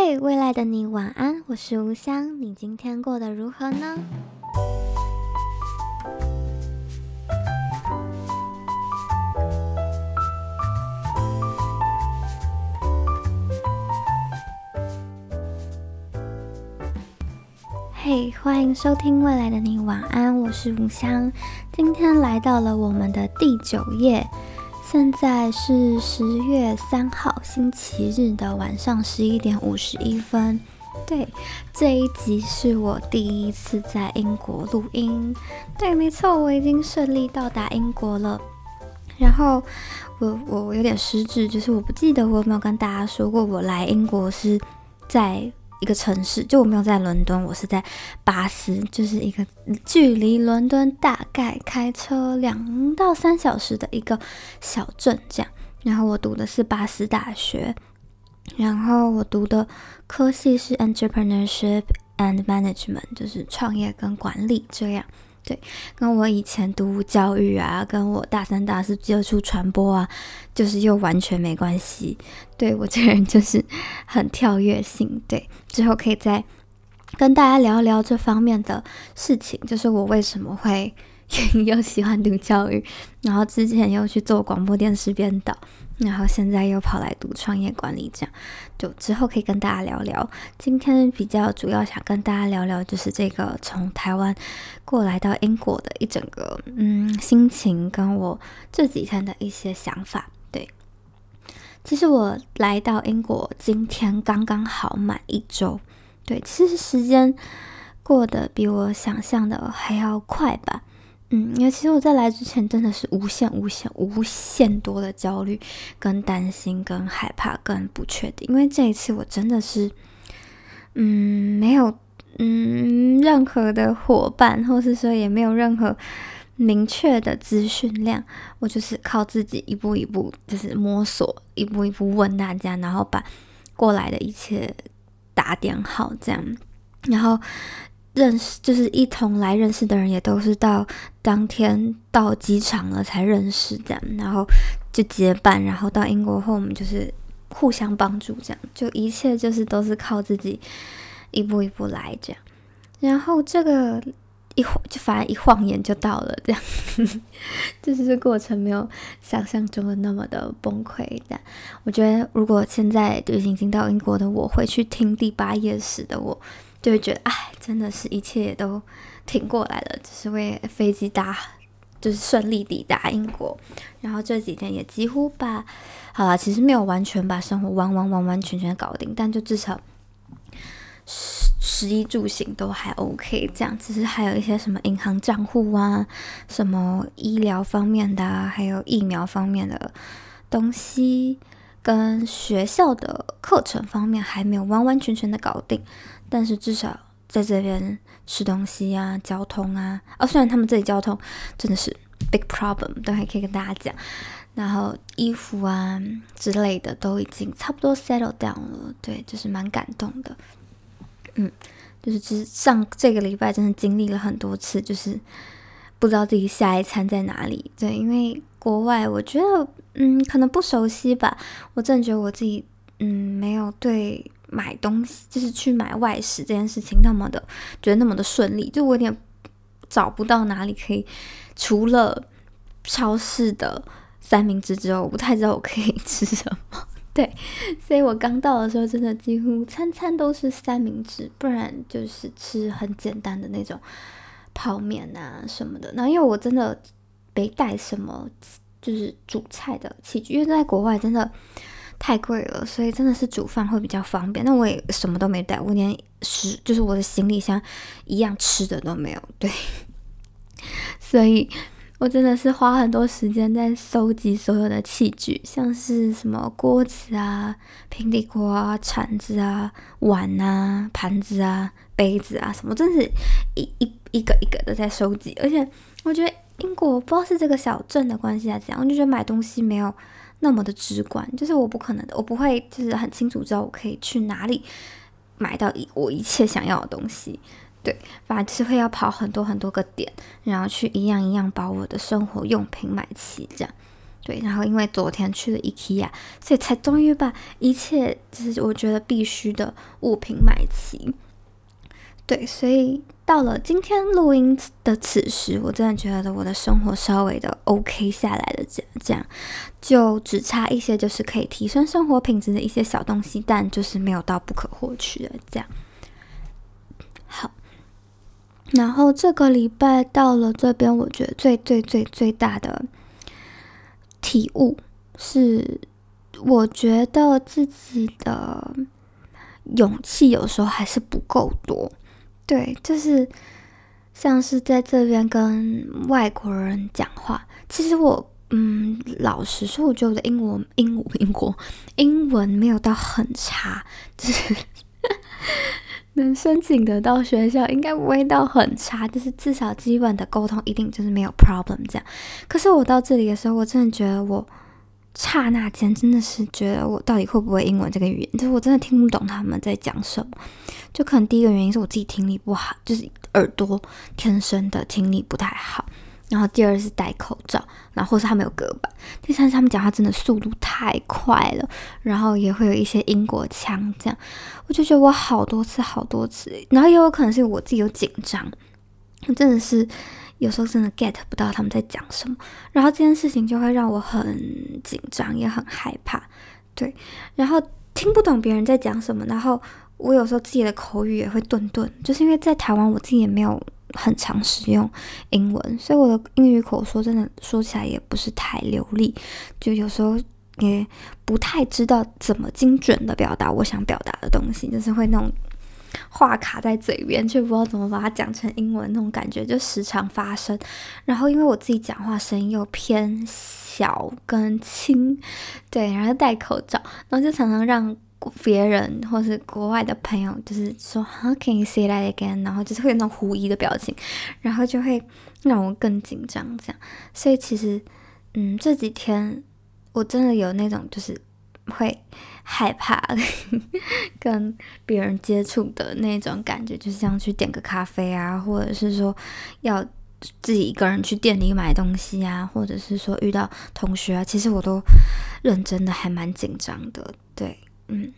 嘿、hey，未來的你晚安，我是無香，你今天過得如何呢？嘿、hey，歡迎收聽《未來的你晚安》，我是無香，今天來到了我們的第九夜。現在是十月三號星期日的晚上十一點五十一分。對，這一集是我第一次在英國錄音。對，沒錯，我已經順利到達英國了。然後，我我，我有點失智，就是我不記得我有沒有跟大家說過，我來英國是在一個城市，就我沒有在倫敦，我是在巴斯，就是一個距離倫敦大概開車兩到三小時的一個小鎮，這樣。然後我讀的是巴斯大學，然後我讀的科系是 entrepreneurship and management，就是創業跟管理這樣。對，跟我以前讀教育啊，跟我大三、大四接觸傳播啊，就是又完全沒關係。對，我這人就是很跳躍性。對，之後可以再跟大家聊聊這方面的事情，就是我為什麼會。 又喜歡讀教育，然後之前又去做廣播電視編導，然後現在又跑來讀創業管理，這樣就之後可以跟大家聊聊。今天比較主要想跟大家聊聊，就是這個從台灣過來到英國的一整個嗯心情，跟我這幾天的一些想法。對，其實我來到英國今天剛剛好滿一週。對，其實時間過得比我想象的還要快吧。嗯，因為其實我在來之前真的是無限、無限、無限多的焦慮、跟擔心、跟害怕、跟不確定。因為這一次我真的是，嗯，沒有嗯任何的夥伴，或是說也沒有任何明確的資訊量，我就是靠自己一步一步就是摸索，一步一步問大家，然後把過來的一切打點好，這樣，然後。認識就是一同來認識的人，也都是到當天到機場了才認識的，然後就結伴，然後到英國後我們就是互相幫助，這樣就一切就是都是靠自己一步一步來這樣。然後這個一晃就反而一晃眼就到了，這樣 就是這過程沒有想象中的那麼的崩潰，但我覺得如果現在就已經到英國的我，我會去聽第八夜時的我，就會覺得，哎，真的是一切也都挺過來了，只是為飛機搭，就是順利抵達英國。然後這幾天也幾乎把，好了，其實沒有完全把生活完完完完全全搞定，但就至少食食衣住行都還 OK。這樣，只是還有一些什麼銀行賬戶啊、什麼醫療方面的、啊、還有疫苗方面的東西，跟學校的課程方面還沒有完完全全的搞定。但是至少在這邊吃東西啊、交通啊，哦，雖然他們這裡交通真的是 big problem，但還可以跟大家講。然後衣服啊之類的都已經差不多 settle down 了，對，就是蠻感動的。嗯，就是其實、就是、上這個禮拜真的經歷了很多次，就是不知道自己下一餐在哪裡。對，因為國外我覺得，嗯，可能不熟悉吧，我真的覺得我自己，嗯，沒有對。買東西就是去買外食這件事情那麼的覺得那麼的順利，就我有點找不到哪裡可以除了超市的三明治之後，我不太知道我可以吃什麼。對，所以我剛到的時候真的幾乎餐餐都是三明治，不然就是吃很簡單的那種泡麵啊什麼的。那因為我真的沒帶什麼就是煮菜的器具，因為在國外真的。太貴了，所以真的是煮飯會比較方便。那我也什麼都沒帶，我連食就是我的行李箱一樣吃的都沒有。對，所以我真的是花很多時間在收集所有的器具，像是什麼鍋子啊、平底鍋啊、鏟子啊、碗啊、盤子啊、杯子啊什麼，真的是一一一，一個一個的在收集。而且我覺得英國不知道是這個小鎮的關係還是怎樣，我就覺得買東西沒有。那麼的直觀，就是我不可能的，我不會，就是很清楚知道我可以去哪裡買到一我一切想要的東西，對，反而是會要跑很多很多個點，然後去一樣一樣把我的生活用品買齊，這樣，對，然後因為昨天去了 IKEA，所以才終於把一切就是我覺得必須的物品買齊，對，所以。到了今天錄音的此時，我真的覺得我的生活稍微的 OK 下來的，這樣這樣，就只差一些，就是可以提升生活品質的一些小東西，但就是沒有到不可或缺的這樣。好，然後這個禮拜到了這邊，我覺得最最最最最大的體悟是，我覺得自己的勇氣有時候還是不夠多。對，就是像是在這邊跟外國人講話。其實我，嗯，老實說，我覺得我的英文，英文英國英，英文沒有到很差，就是 能申請得到學校，應該不會到很差。就是至少基本的溝通一定就是沒有 problem 這樣。可是我到這裡的時候，我真的覺得我。剎那間，真的是覺得我到底會不會英文這個語言？就是我真的聽不懂他們在講什麼。就可能第一個原因是我自己聽力不好，就是耳朵天生的聽力不太好。然後第二是戴口罩，然後或是他們有隔板。第三是他們講話真的速度太快了，然後也會有一些英國腔這樣。我就覺得我好多次，好多次，然後也有可能是我自己有緊張，真的是。有時候真的 get 不到他們在講什麼，然後這件事情就會讓我很緊張，也很害怕，對，然後聽不懂別人在講什麼，然後我有時候自己的口語也會頓頓，就是因為在台灣我自己也沒有很常使用英文，所以我的英語口說真的說起來也不是太流利，就有時候也不太知道怎麼精準地表達我想表達的東西，就是會那種。話卡在嘴邊，卻不知道怎麼把它講成英文，那種感覺就時常發生。然後，因為我自己講話聲音又偏小跟輕，對，然後戴口罩，然後就常常讓別人或是國外的朋友就是說 How can you say that again？然後就是會有那種狐疑的表情，然後就會讓我更緊張這樣。所以其實，嗯，這幾天我真的有那種就是會。害怕 跟別人接觸的那種感覺，就像去點個咖啡啊，或者是說要自己一個人去店裡買東西啊，或者是說遇到同學啊，其實我都認真的還蠻緊張的。對，嗯，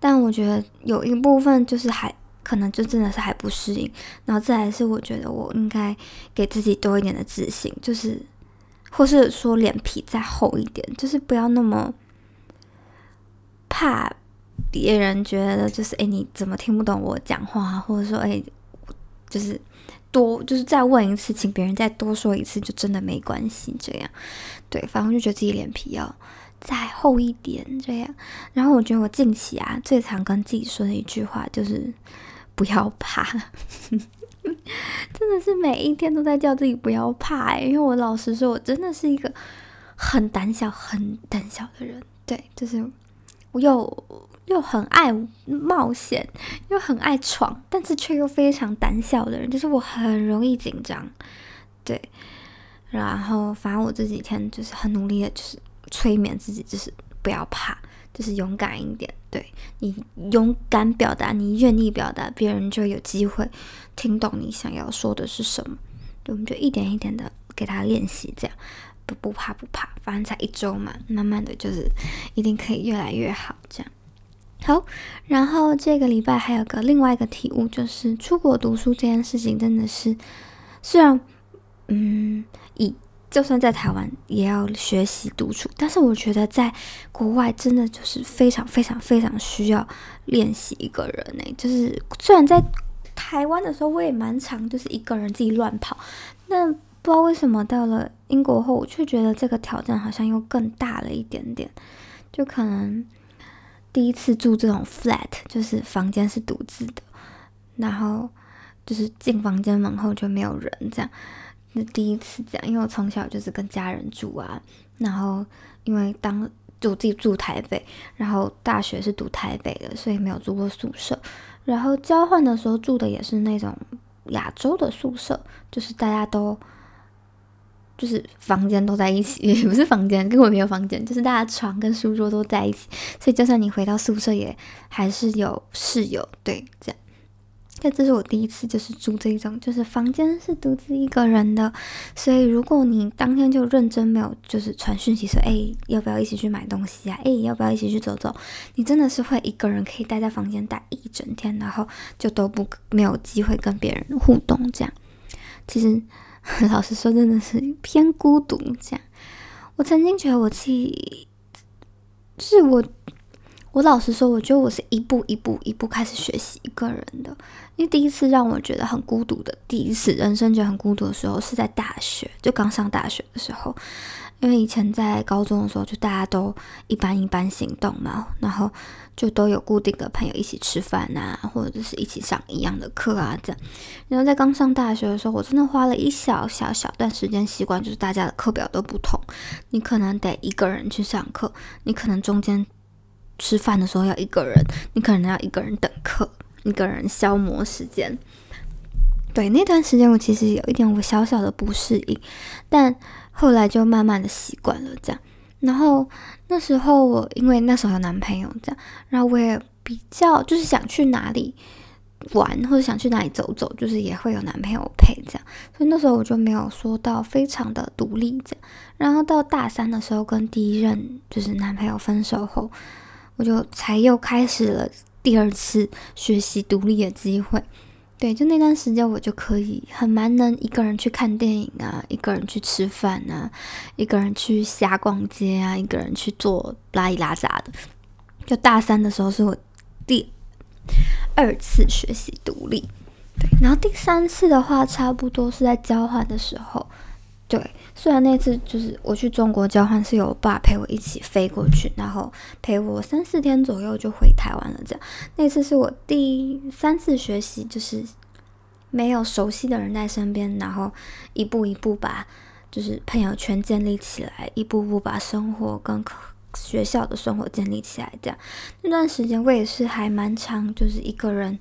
但我覺得有一部分就是還可能就真的是還不適應，然後再來是我覺得我應該給自己多一點的自信，就是或是說臉皮再厚一點，就是不要那麼。怕別人覺得就是哎、欸，你怎麼聽不懂我講話？或者說哎、欸、就是多，就是再問一次，請別人再多說一次，就真的沒關係。這樣，對，反正就覺得自己臉皮要再厚一點。這樣，然後我覺得我近期啊，最常跟自己說的一句話就是不要怕， 真的是每一天都在叫自己不要怕、欸。因為我老實說，我真的是一個很膽小、很膽小的人。對，就是。我又又很愛冒險，又很愛闖，但是卻又非常膽小的人，就是我很容易緊張，對。然後，反正我這幾天就是很努力的，就是催眠自己，就是不要怕，就是勇敢一點。對，你勇敢表達，你願意表達，別人就有機會聽懂你想要說的是什麼。對，我們就一點一點的給他練習，這樣。不不怕不怕，反正才一周嘛，慢慢的就是一定可以越來越好這樣。好，然後這個禮拜還有個另外一個體悟，就是出國讀書這件事情真的是，雖然嗯，以就算在台灣也要學習獨處，但是我覺得在國外真的就是非常非常非常需要練習一個人呢。就是雖然在台灣的時候我也蠻常就是一個人自己亂跑，那。不知道為什麼到了英國後，我卻覺得這個挑戰好像又更大了一點點。就可能第一次住這種 flat，就是房間是獨自的，然後就是進房間門後就沒有人，這樣，那第一次這樣。因為我從小就是跟家人住啊，然後因為當就我自己住台北，然後大學是讀台北的，所以沒有住過宿舍。然後交換的時候住的也是那種亞洲的宿舍，就是大家都。就是房間都在一起，也不是房間，根本沒有房間，就是大家床跟書桌都在一起，所以就算你回到宿舍，也還是有室友。對，這樣。但這是我第一次就是住這種，就是房間是獨自一個人的，所以如果你當天就認真沒有，就是傳訊息說，哎，要不要一起去買東西啊？哎，要不要一起去走走？你真的是會一個人可以待在房間待一整天，然後就都不沒有機會跟別人互動。這樣，其實。老實說，真的是偏孤獨這樣。我曾經覺得我自己，是我，我老實說，我覺得我是一步一步、一步開始學習一個人的。因為第一次讓我覺得很孤獨的，第一次人生覺得很孤獨的時候，是在大學，就剛上大學的時候。因為以前在高中的時候，就大家都一班一班行動嘛，然後就都有固定的朋友一起吃飯啊，或者是一起上一樣的課啊。這樣，然後在剛上大學的時候，我真的花了一小小小段時間習慣，就是大家的課表都不同，你可能得一個人去上課，你可能中間吃飯的時候要一個人，你可能要一個人等課，一個人消磨時間。對那段時間，我其實有一點我小小的不適應，但。後來就慢慢的習慣了這樣，然後那時候我因為那時候有男朋友這樣，然後我也比較就是想去哪裡玩或者想去哪裡走走，就是也會有男朋友陪這樣，所以那時候我就沒有說到非常的獨立這樣。然後到大三的時候跟第一任就是男朋友分手後，我就才又開始了第二次學習獨立的機會。對，就那段時間我就可以很蠻能一個人去看電影啊，一個人去吃飯啊，一個人去瞎逛街啊，一個人去做拉一拉雜的。就大三的時候是我第二次學習獨立，對，然後第三次的話差不多是在交換的時候。對，雖然那次就是我去中國交換，是有我爸陪我一起飛過去，然後陪我三四天左右就回台灣了。這樣，那次是我第三次學習，就是沒有熟悉的人在身邊，然後一步一步把就是朋友圈建立起來，一步步把生活跟學校的生活建立起來。這樣，那段時間我也是還蠻常，就是一個人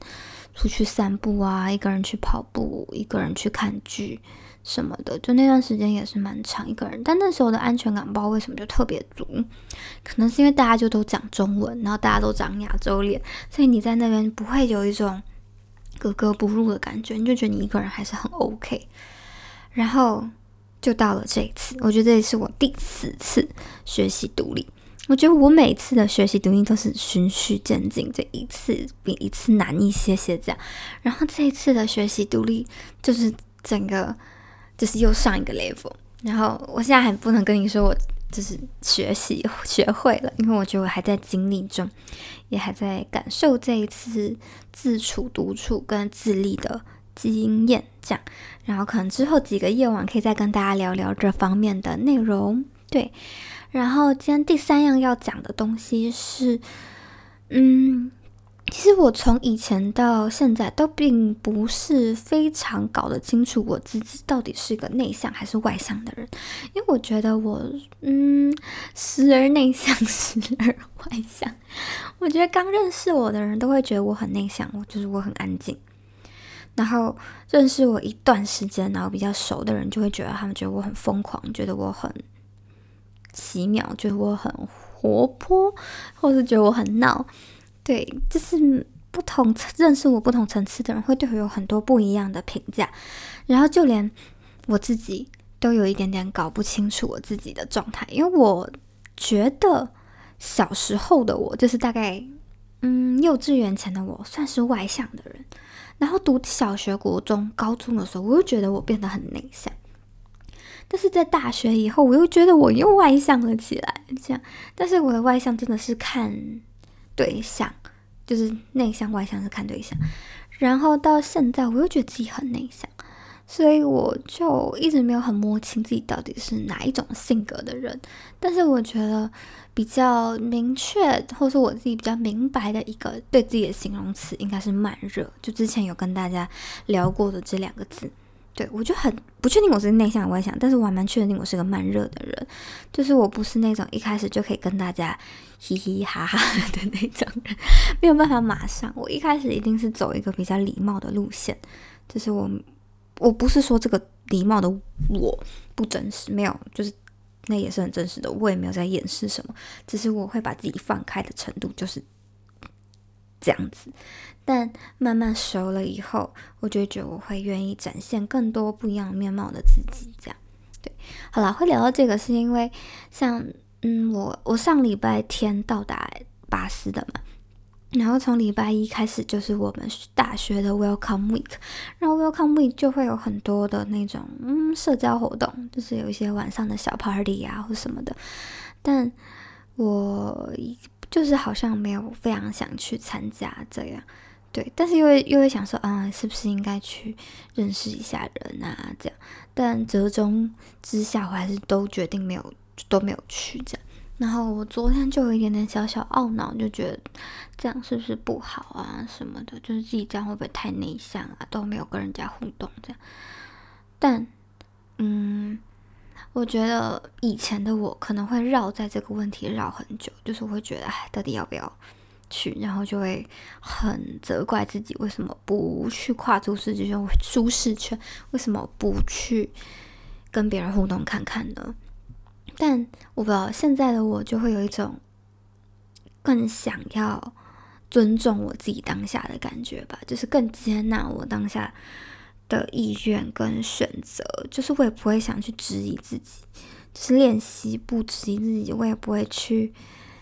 出去散步啊，一個人去跑步，一個人去看劇。什麼的，就那段時間也是蠻長一個人，但那時候的安全感不知道為什麼就特別足，可能是因為大家就都講中文，然後大家都長亞洲臉，所以你在那邊不會有一種格格不入的感覺，你就覺得你一個人還是很 OK。然後就到了這一次，我覺得這也是我第四次學習獨立，我覺得我每次的學習獨立都是循序漸進，這一次比一次難一些些這樣。然後這一次的學習獨立就是整個。就是又上一個 level，然後我現在還不能跟你說，我就是學習學會了，因為我覺得我還在經歷中，也還在感受這一次自處、獨處跟自立的經驗。這樣，然後可能之後幾個夜晚可以再跟大家聊聊這方面的內容。對，然後今天第三樣要講的東西是，嗯。其實我從以前到現在都並不是非常搞得清楚我自己到底是一個內向還是外向的人，因為我覺得我嗯，時而內向，時而外向。我覺得剛認識我的人都會覺得我很內向，我就是我很安靜。然後認識我一段時間，然後比較熟的人就會覺得他們覺得我很瘋狂，覺得我很奇妙，覺得我很活潑，或是覺得我很鬧。對，就是不同，認識我不同層次的人會對我有很多不一樣的評價，然後就連我自己都有一點點搞不清楚我自己的狀態，因為我覺得小時候的我就是大概嗯幼稚園前的我算是外向的人，然後讀小學、國中、高中的時候，我又覺得我變得很內向，但是在大學以後，我又覺得我又外向了起來，這樣，但是我的外向真的是看。對象就是內向外向是看對象，然後到現在我又覺得自己很內向，所以我就一直沒有很摸清自己到底是哪一種性格的人。但是我覺得比較明確，或者說我自己比較明白的一個對自己的形容詞應該是慢熱，就之前有跟大家聊過的這兩個字。對，我就很不確定我是內向外向，但是我還蠻確定我是個慢熱的人，就是我不是那種一開始就可以跟大家嘻嘻哈哈的那種人，沒有辦法馬上。我一開始一定是走一個比較禮貌的路線，就是我我不是說這個禮貌的我不真實，沒有，就是那也是很真實的，我也沒有在掩飾什麼，只是我會把自己放開的程度就是這樣子。但慢慢熟了以後，我就覺得我會願意展現更多不一樣面貌的自己。這樣，對，好了，會聊到這個是因為，像，嗯，我我上禮拜天到達巴斯的嘛，然後從禮拜一開始就是我們大學的 Welcome Week，然後 Welcome Week 就會有很多的那種，嗯，社交活動，就是有一些晚上的小 party 啊或什麼的，但我就是好像沒有非常想去參加這樣。對，但是又會又會想說，啊、呃，是不是應該去認識一下人啊？這樣，但折中之下，我還是都決定沒有，都沒有去這樣。然後我昨天就有一點點小小懊惱，就覺得這樣是不是不好啊？什麼的，就是自己這樣會不會太內向啊？都沒有跟人家互動這樣。但，嗯，我覺得以前的我可能會繞在這個問題繞很久，就是我會覺得，哎，到底要不要？去，然後就會很責怪自己，為什麼不去跨出世界，舒適圈，為什麼不去跟別人互動看看呢？但我不知道現在的我就會有一種更想要尊重我自己當下的感覺吧，就是更接納我當下的意願跟選擇，就是我也不會想去質疑自己，就是練習不質疑自己，我也不會去。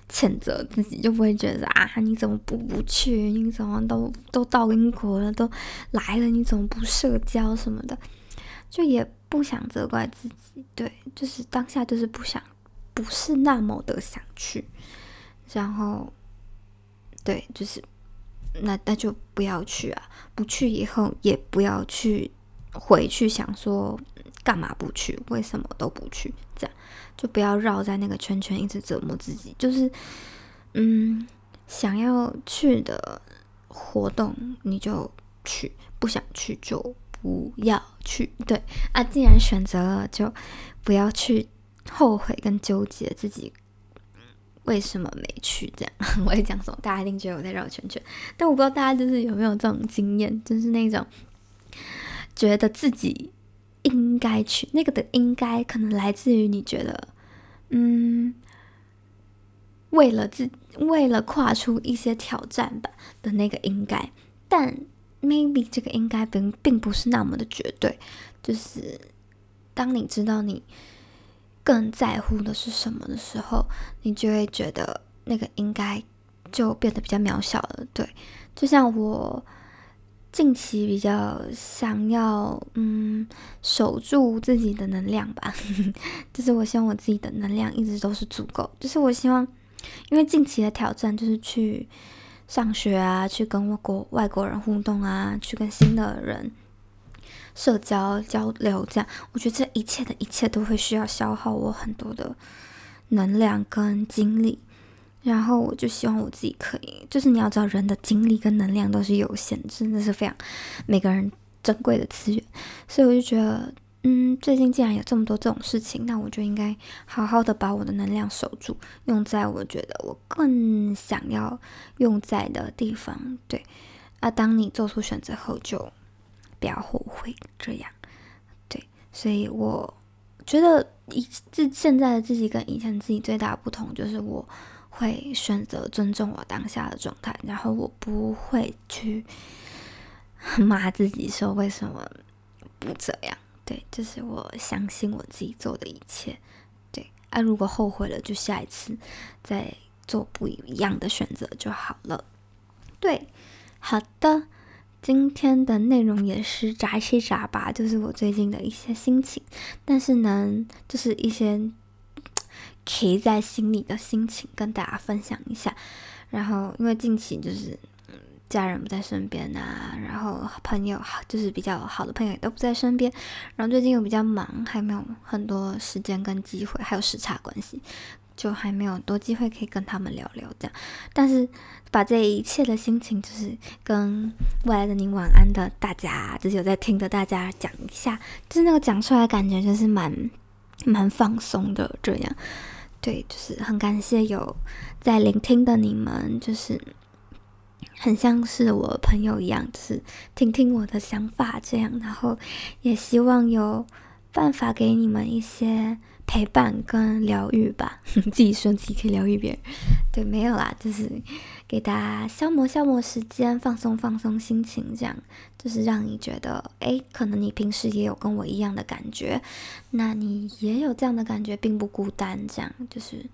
譴責自己，就不會覺得啊，你怎麼不不去？你怎麼都都到英國了，都來了，你怎麼不社交什麼的？就也不想責怪自己，對，就是當下就是不想，不是那麼的想去。然後，對，就是那那就不要去啊，不去以後也不要去，回去想說幹嘛不去？為什麼都不去？這樣。就不要繞在那個圈圈，一直折磨自己。就是，嗯，想要去的活動你就去，不想去就不要去。對啊，既然選擇了，就不要去後悔跟糾結自己為什麼沒去。這樣，我在講什麼？大家一定覺得我在繞圈圈，但我不知道大家就是有沒有這種經驗，就是那種覺得自己。該去那個的應該可能來自於你覺得，嗯，為了自為了跨出一些挑戰吧的那個應該，但 maybe 這個應該並並不是那麼的絕對，就是當你知道你更在乎的是什麼的時候，你就會覺得那個應該就變得比較渺小了。對，就像我。近期比較想要，嗯，守住自己的能量吧。 就是我希望我自己的能量一直都是足夠。就是我希望，因為近期的挑戰就是去上學啊，去跟外國外國人互動啊，去跟新的人社交交流這樣。我覺得這一切的一切都會需要消耗我很多的能量跟精力。然後我就希望我自己可以，就是你要知道，人的精力跟能量都是有限，真的是非常每個人珍貴的資源。所以我就覺得，嗯，最近既然有這麼多這種事情，那我就應該好好的把我的能量守住，用在我覺得我更想要用在的地方。對，啊，當你做出選擇後，就不要後悔。這樣，對。所以我覺得以自現在的自己跟以前自己最大的不同，就是我。會選擇尊重我當下的狀態，然後我不會去罵自己說為什麼不這樣。對，就是我相信我自己做的一切。對，啊，如果後悔了，就下一次再做不一樣的選擇就好了。對，好的，今天的內容也是雜七雜八，就是我最近的一些心情，但是呢，就是一些。提在心裡的心情跟大家分享一下，然後因為近期就是家人不在身邊啊，然後朋友就是比較好的朋友也都不在身邊，然後最近又比較忙，還沒有很多時間跟機會，還有時差關係，就還沒有多機會可以跟他們聊聊這樣。但是把這一切的心情，就是跟未來的你晚安的大家，就是有在聽着大家講一下，就是那個講出來感覺就是蠻蠻放鬆的這樣。對，就是很感謝有在聆聽的你們，就是很像是我朋友一樣，就是聽聽我的想法這樣，然後也希望有辦法給你們一些陪伴跟療癒吧， 自己說自己可以療癒別人。也沒有啦，就是給大家消磨消磨時間，放鬆放鬆心情，這樣就是讓你覺得，哎，可能你平時也有跟我一樣的感覺，那你也有這樣的感覺，並不孤單，這樣就是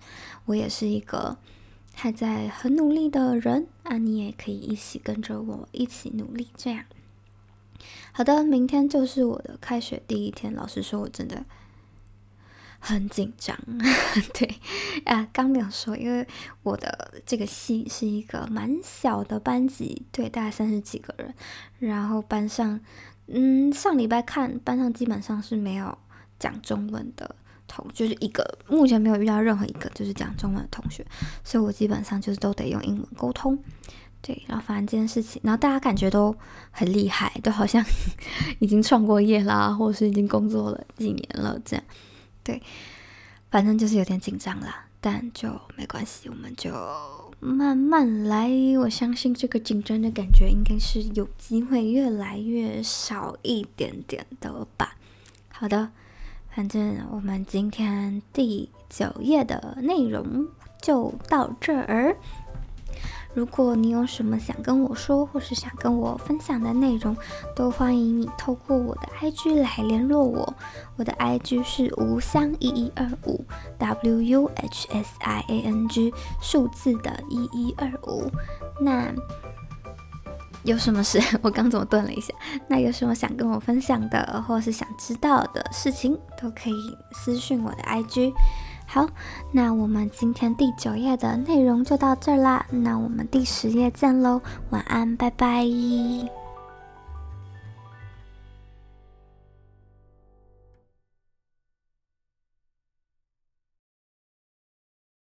我也是一個還在很努力的人，啊，你也可以一起跟着我一起努力，這樣。好的，明天就是我的開學第一天，老實說，我真的。很緊張， 對，啊，剛沒有說，因為我的這個系是一個蠻小的班級，對，大概三十幾個人，然後班上，嗯，上禮拜看班上基本上是沒有講中文的同，就是一個目前沒有遇到任何一個就是講中文的同學，所以我基本上就是都得用英文溝通，對，然後反正這件事情，然後大家感覺都很厲害，都好像 已經創過業啦，或者是已經工作了幾年了這樣。對，反正就是有點緊張了，但就沒關係，我們就慢慢來。我相信這個緊張的感覺應該是有機會越來越少一點點的吧。好的，反正我們今天第九夜的內容就到這兒。如果你有什麼想跟我說，或是想跟我分享的內容，都歡迎你透過我的 IG 來聯絡我。我的 IG 是吳香一一二五 W U H S I A N G，數字的一一二五。那有什麼事？我剛剛怎麼頓了一下？那有什麼想跟我分享的，或是想知道的事情，都可以私訊我的 IG。好，那我們今天第九夜的內容就到這兒啦。那我們第十夜見嘍，晚安，拜拜。